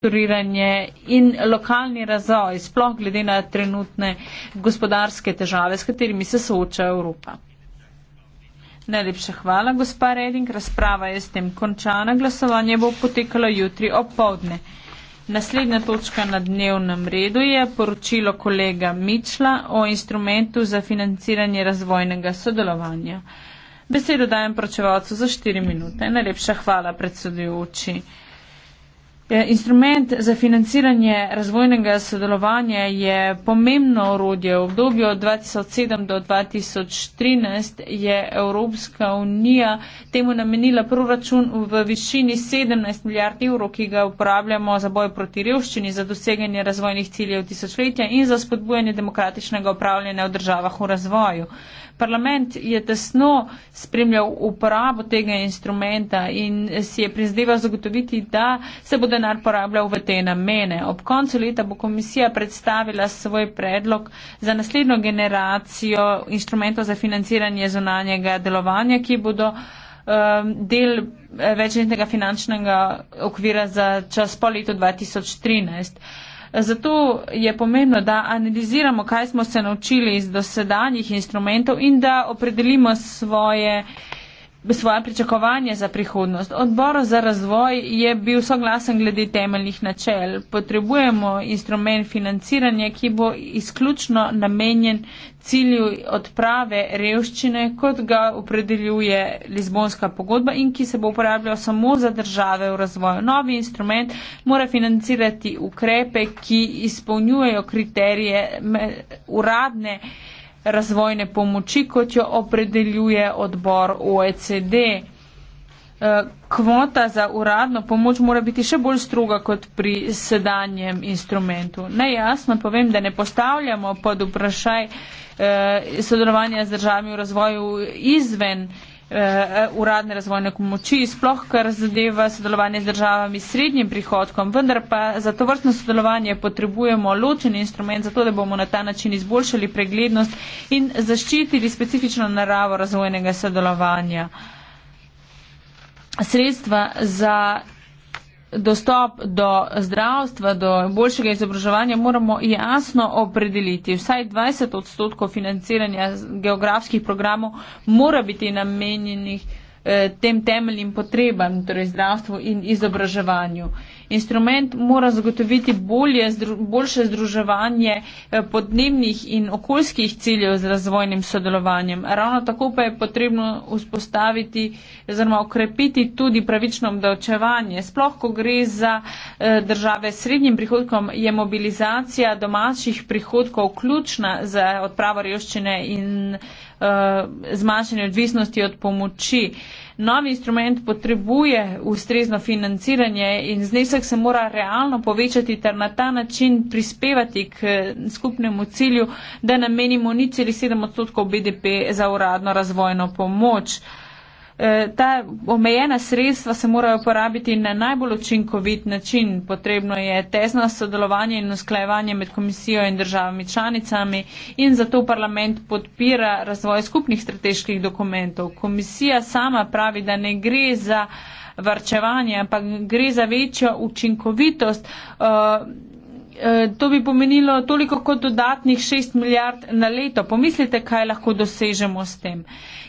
restrukturiranje in lokalni razvoj, sploh glede na trenutne gospodarske težave, s katerimi se sooča Evropa. Najlepša hvala, gospa Reding. Razprava je s tem končana. Glasovanje bo potekalo jutri o povdne. Naslednja točka na dnevnem redu je poročilo kolega Mičla o instrumentu za financiranje razvojnega sodelovanja. Besedo dajem pročevalcu za štiri minute. Najlepša hvala, predsedujoči. Eh, instrument za financiranje razvojnega sodelovanja je pomembno orodje. V obdobju od 2007 do 2013 je Evropska unija temu namenila proračun v višini 17 milijard evrov, ki ga uporabljamo za boj proti revščini, za doseganje razvojnih ciljev tisočletja in za spodbujanje demokratičnega upravljanja v državah v razvoju. Parlament je tesno spremljal uporabo tega instrumenta in si je prizdeval zagotoviti, da se bodo denar porabljal v te namene. Ob koncu leta bo komisija predstavila svoj predlog za naslednjo generacijo inštrumentov za financiranje zunanjega delovanja, ki bodo um, del eh, večletnega finančnega okvira za čas po letu 2013. Zato je pomembno, da analiziramo, kaj smo se naučili iz dosedanjih instrumentov in da opredelimo svoje uh, svoje pričakovanje za prihodnost. Odbor za razvoj je bil soglasen glede temeljnih načel. Potrebujemo instrument financiranja, ki bo izključno namenjen cilju odprave revščine, kot ga opredeljuje Lizbonska pogodba in ki se bo uporabljal samo za države v razvoju. Novi instrument mora financirati ukrepe, ki izpolnjujejo kriterije uradne razvojne pomoči, kot jo opredeljuje odbor OECD. Eh, kvota za uradno pomoč mora biti še bolj struga kot pri sedanjem instrumentu. Najjasno povem, da ne postavljamo pod vprašaj eh, sodelovanja z državami v razvoju izven Eh, uradne razvojne pomoči, sploh kar zadeva sodelovanje z državami s srednjim prihodkom, vendar pa za to vrstno sodelovanje potrebujemo ločen instrument, zato da bomo na ta način izboljšali preglednost in zaščitili specifično naravo razvojnega sodelovanja. Sredstva za dostop do zdravstva, do boljšega izobraževanja moramo jasno opredeliti. Vsaj 20 odstotkov financiranja geografskih programov mora biti namenjenih eh, tem temeljnim potrebam, torej zdravstvu in izobraževanju. Eh, Instrument mora zagotoviti bolje, boljše združevanje eh, podnebnih in okoljskih ciljev z razvojnim sodelovanjem. Ravno tako pa je potrebno vzpostaviti oziroma okrepiti tudi pravično obdavčevanje. Sploh, ko gre za eh, države s srednjim prihodkom, je mobilizacija domačih prihodkov ključna za odpravo revščine in Eh, zmanjšanje odvisnosti od pomoči. Novi instrument potrebuje ustrezno financiranje in znesek se mora realno povečati ter na ta način prispevati k skupnemu cilju, da namenimo ni celi 7 odstotkov BDP za uradno razvojno pomoč. Uh, Ta omejena sredstva se morajo uporabiti na najbolj učinkovit način. Potrebno je tesno sodelovanje in usklajevanje med komisijo in državami članicami in zato parlament podpira razvoj skupnih strateških dokumentov. Komisija sama pravi, da ne gre za varčevanje, ampak gre za večjo učinkovitost. Uh, Eh, to bi pomenilo toliko kot dodatnih 6 milijard na leto. Pomislite, kaj lahko dosežemo s tem.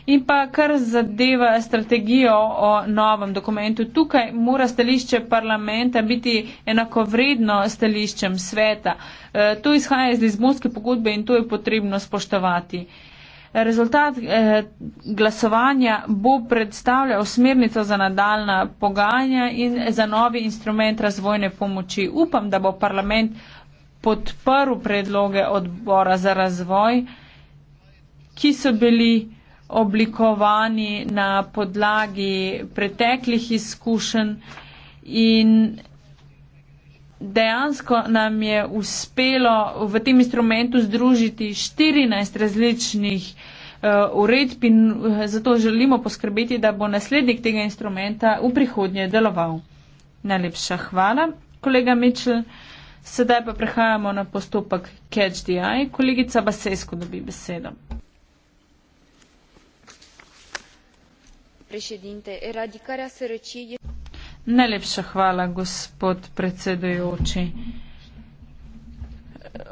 In pa kar zadeva strategijo o novem dokumentu, tukaj mora stališče parlamenta biti enakovredno stališčem sveta. Eh, to izhaja iz Lizbonske pogodbe in to je potrebno spoštovati. Rezultat eh, glasovanja bo predstavljal smernico za nadaljna pogajanja in za novi instrument razvojne pomoči. Upam, da bo parlament podprl predloge odbora za razvoj, ki so bili oblikovani na podlagi preteklih izkušenj in dejansko nam je uspelo v tem instrumentu združiti 14 različnih uh, uredb in eh, zato želimo poskrbeti, da bo naslednik tega instrumenta v prihodnje deloval. Najlepša hvala, kolega Mitchell. Sedaj pa prehajamo na postopek Catch the Eye. Kolegica Basesko dobi besedo. Prešedinte, eradikarja srči je. Najlepša hvala, gospod predsedujoči.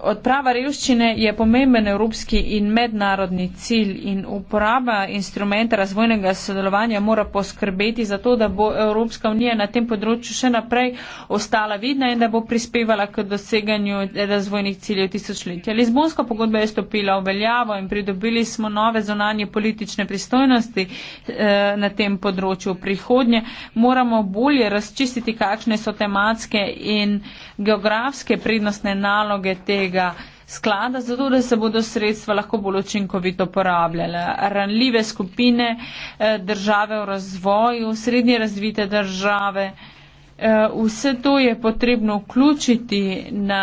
Odprava revščine je pomemben evropski in mednarodni cilj in uporaba instrumenta razvojnega sodelovanja mora poskrbeti za to, da bo Evropska unija na tem področju še naprej ostala vidna in da bo prispevala k doseganju razvojnih ciljev tisočletja. Lizbonska pogodba je stopila v veljavo in pridobili smo nove zonanje politične pristojnosti eh, na tem področju. Prihodnje moramo bolje razčistiti, kakšne so tematske in geografske prednostne naloge te tega sklada, zato da se bodo sredstva lahko bolj učinkovito porabljala. Ranljive skupine eh, države v razvoju, srednje razvite države, eh, vse to je potrebno vključiti na,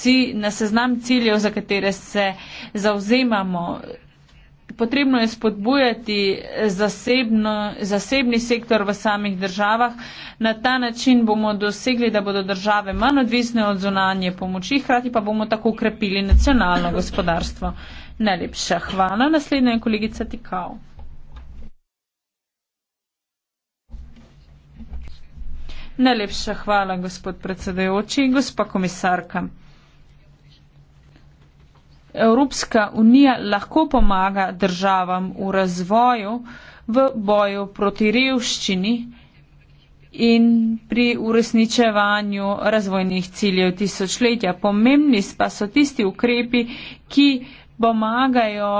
cilj, na seznam ciljev, za katere se zauzemamo potrebno je spodbujati zasebno, zasebni sektor v samih državah. Na ta način bomo dosegli, da bodo države manj odvisne od zunanje pomoči, hkrati pa bomo tako ukrepili nacionalno gospodarstvo. Najlepša hvala. Naslednja je kolegica Tikao. Najlepša hvala, gospod predsedajoči, gospa komisarka. Evropska unija lahko pomaga državam v razvoju, v boju proti revščini in pri uresničevanju razvojnih ciljev tisočletja. Pomembni pa so tisti ukrepi, ki pomagajo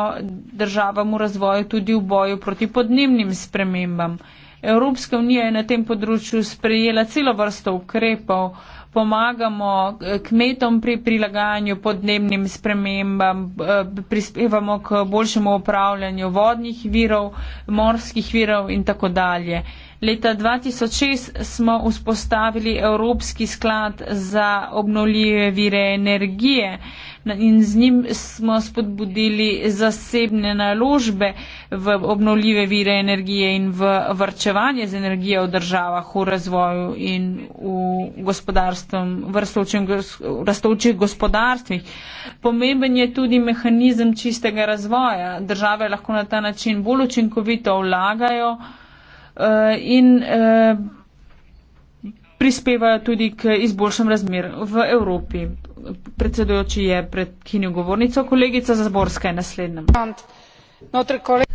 državam v razvoju tudi v boju proti podnebnim spremembam. Evropska unija je na tem področju sprejela celo vrsto ukrepov, pomagamo eh, kmetom pri prilagajanju podnebnim spremembam, eh, prispevamo k boljšemu upravljanju vodnih virov, morskih virov in tako dalje. Leta 2006 smo vzpostavili Evropski sklad za obnovljive vire energije in z njim smo spodbudili zasebne naložbe v obnovljive vire energije in v vrčevanje z energijo v državah, v razvoju in v gospodarstvom, v rastočih gospodarstvih. Pomemben je tudi mehanizem čistega razvoja. Države lahko na ta način bolj učinkovito vlagajo uh, in uh, prispevajo tudi k izboljšam razmer v Evropi. Predsedujoči je predkinil govornico, kolegica Zazborska je naslednja.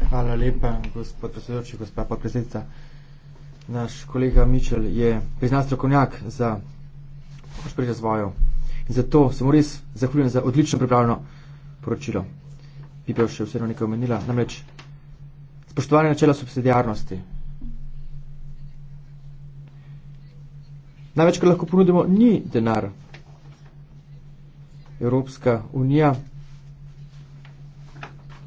Hvala lepa, gospod predsedujoči, gospa podpredsednica. Naš kolega Mičel je priznan strokovnjak za pri razvoju. In zato se mu res zahvaljujem za odlično pripravljeno poročilo. Bi pa še vseeno nekaj omenila, namreč spoštovanje načela subsidijarnosti Največ, kar lahko ponudimo, ni denar. Evropska unija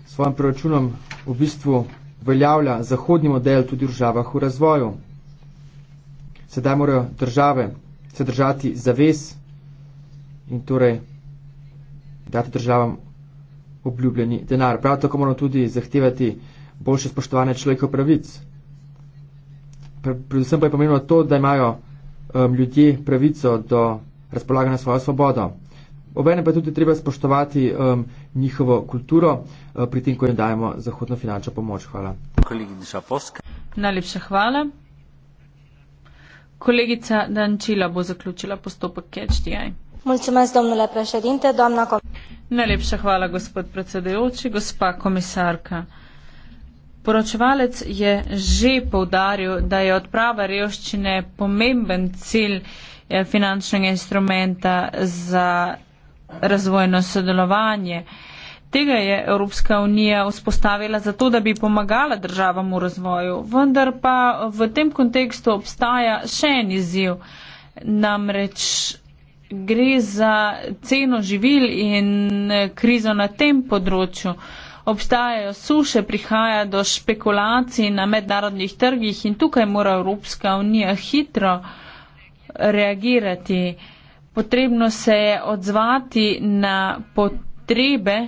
s svojim proračunom v bistvu uveljavlja zahodni model tudi v državah v razvoju. Sedaj morajo države se držati zavez in torej dati državam obljubljeni denar. Prav tako moramo tudi zahtevati boljše spoštovanje človekov pravic. Predvsem pa je pomembno to, da imajo um, ljudje pravico do razpolaganja svojo svobodo. Obenem pa je tudi treba spoštovati um, njihovo kulturo uh, pri tem, ko jim dajemo zahodno finančno pomoč. Hvala. Najlepša hvala. Kolegica Dančila bo zaključila postopek CHDI. Najlepša hvala, gospod predsedujoči, gospa komisarka. Poročevalec je že povdaril, da je odprava revščine pomemben cilj eh, finančnega instrumenta za razvojno sodelovanje. Tega je Evropska unija vzpostavila zato, da bi pomagala državam v razvoju. Vendar pa v tem kontekstu obstaja še en izziv. Namreč gre za ceno živil in krizo na tem področju obstajajo suše, prihaja do špekulacij na mednarodnih trgih in tukaj mora Evropska unija hitro reagirati. Potrebno se je odzvati na potrebe,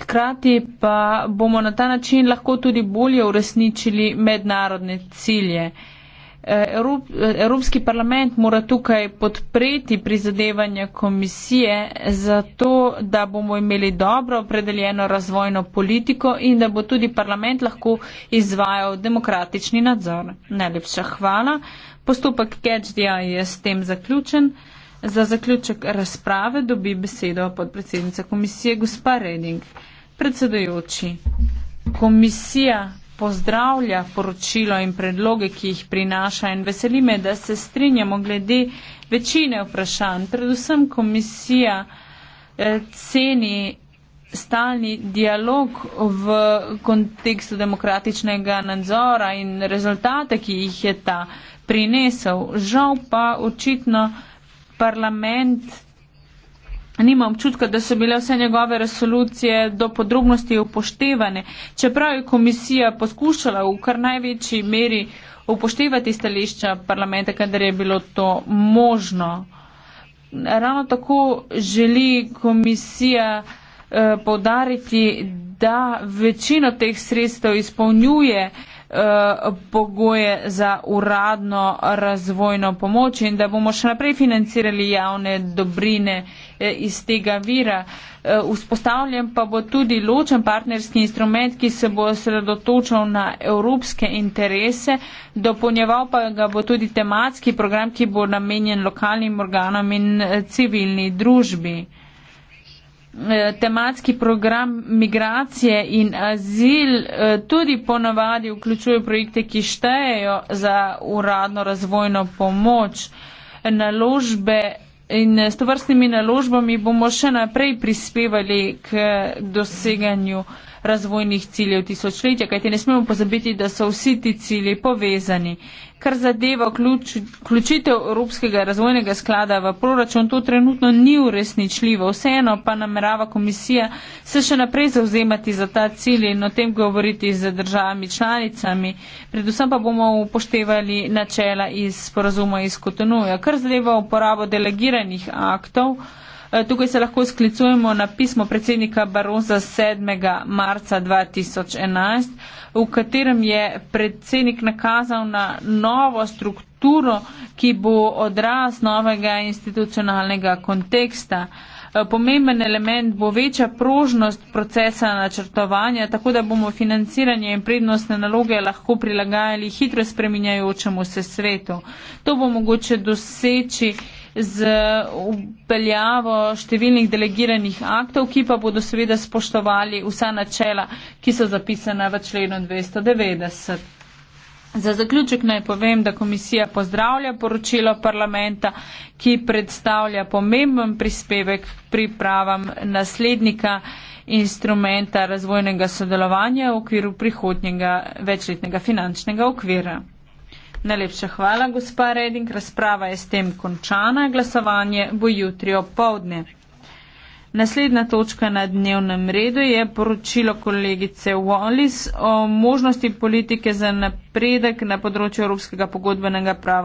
hkrati pa bomo na ta način lahko tudi bolje uresničili mednarodne cilje. Evropski parlament mora tukaj podpreti prizadevanja komisije za to, da bomo imeli dobro opredeljeno razvojno politiko in da bo tudi parlament lahko izvajal demokratični nadzor. Najlepša hvala. Postopek CatchDI je s tem zaključen. Za zaključek razprave dobi besedo podpredsednica komisije gospa Reding. Predsedujoči, komisija pozdravlja poročilo in predloge, ki jih prinaša in veseli me, da se strinjamo glede večine vprašanj. Predvsem komisija eh, ceni stalni dialog v kontekstu demokratičnega nadzora in rezultate, ki jih je ta prinesel. Žal pa očitno parlament Nima občutka, da so bile vse njegove resolucije do podrobnosti upoštevane, čeprav je komisija poskušala v kar največji meri upoštevati stališča parlamenta, kadar je bilo to možno. Ravno tako želi komisija eh, povdariti, da večino teh sredstev izpolnjuje eh, Eh, pogoje za uradno razvojno pomoč in da bomo še naprej financirali javne dobrine eh, iz tega vira. Eh, vzpostavljen pa bo tudi ločen partnerski instrument, ki se bo sredotočal na evropske interese, dopolnjeval pa ga bo tudi tematski program, ki bo namenjen lokalnim organom in civilni družbi. Eh, tematski program migracije in azil eh, tudi ponavadi vključuje projekte, ki štejejo za uradno razvojno pomoč naložbe in s tovrstnimi naložbami bomo še naprej prispevali k doseganju uh, razvojnih ciljev tisočletja, kajti ne smemo pozabiti, da so vsi ti cilji povezani. Kar zadeva vključitev ključ, Evropskega razvojnega sklada v proračun, to trenutno ni uresničljivo. Vseeno pa namerava komisija se še naprej zauzemati za ta cilj in o tem govoriti z državami članicami. Predvsem pa bomo upoštevali načela iz sporazuma iz Kotonuja. Kar zadeva uporabo delegiranih aktov, uh, Eh, tukaj se lahko sklicujemo na pismo predsednika Baroza 7. marca 2011, v katerem je predsednik nakazal na novo strukturo, ki bo odraz novega institucionalnega konteksta. Eh, pomemben element bo večja prožnost procesa načrtovanja, tako da bomo financiranje in prednostne naloge lahko prilagajali hitro spreminjajočemu se svetu. To bo mogoče doseči z upeljavo številnih delegiranih aktov, ki pa bodo seveda spoštovali vsa načela, ki so zapisane v členu 290. Za zaključek naj povem, da komisija pozdravlja poročilo parlamenta, ki predstavlja pomemben prispevek k pripravam naslednika instrumenta razvojnega sodelovanja v okviru prihodnjega večletnega finančnega okvira. Najlepša hvala, gospa Reding. Razprava je s tem končana. Glasovanje bo jutri opovdne. Naslednja točka na dnevnem redu je poročilo kolegice Wallis o možnosti politike za napredek na področju Evropskega pogodbenega prava.